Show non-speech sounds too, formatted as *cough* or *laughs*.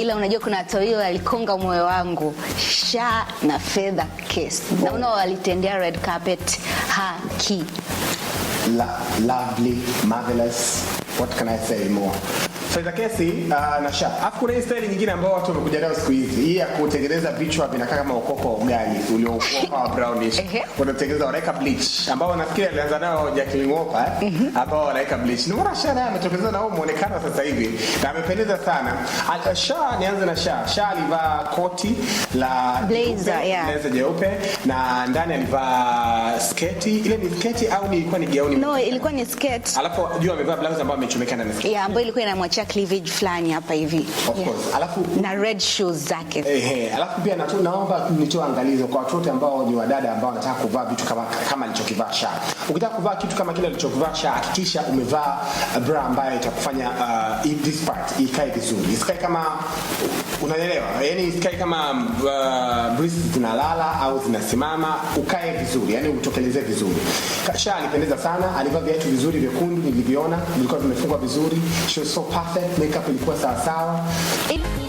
ila unajua kuna tawila walikonga moyo wangu Sha na Fedha Case, oh. na unao walitendea red carpet haki. La, lovely, marvelous. What can I say more? Fedha Kesi uh, na Sha. Alafu kuna hii staili nyingine ambayo watu wamekuja nayo siku hizi, hii ya kutengeneza vichwa vinakaa kama ukoko wa ugali uliokuwa *laughs* brownish. Wanatengeneza wanaweka bleach ambao nafikiri alianza nayo Jacqueline eh? Wolper mhm. ambao wanaweka bleach. Ni mara Sha naye ametokeza na huo muonekano sasa hivi na amependeza sana. Eh, Sha, nianze na Sha. Sha alivaa koti la blazer, yeah. Blazer jeupe na ndani alivaa sketi. Ile ni sketi au ni ilikuwa ni gauni? No, ilikuwa ni sketi. Alafu juu amevaa blouse ambayo amechomeka na sketi. Yeah, ambayo ilikuwa inamwacha kuonyesha cleavage fulani hapa hivi Of course. yeah. Alafu na red shoes zake eh, eh, eh. alafu pia natu, naomba nitoe angalizo kwa watu wote ambao ni wadada ambao wanataka kuvaa vitu kama kama alichokivaa Sha. Ukitaka kuvaa kitu kama kile alichokivaa Sha, hakikisha umevaa bra ambayo itakufanya uh, this part ikae vizuri, isikae kama unaelewa, Yaani isikae kama uh, breasts zinalala au zinasimama, ukae vizuri, Yaani utokelezee vizuri. Sha alipendeza sana, alivaa viatu vizuri vyekundu nilivyoona, vilikuwa vimefungwa vizuri, she was so perfect Martes de Capelicuas a Sao.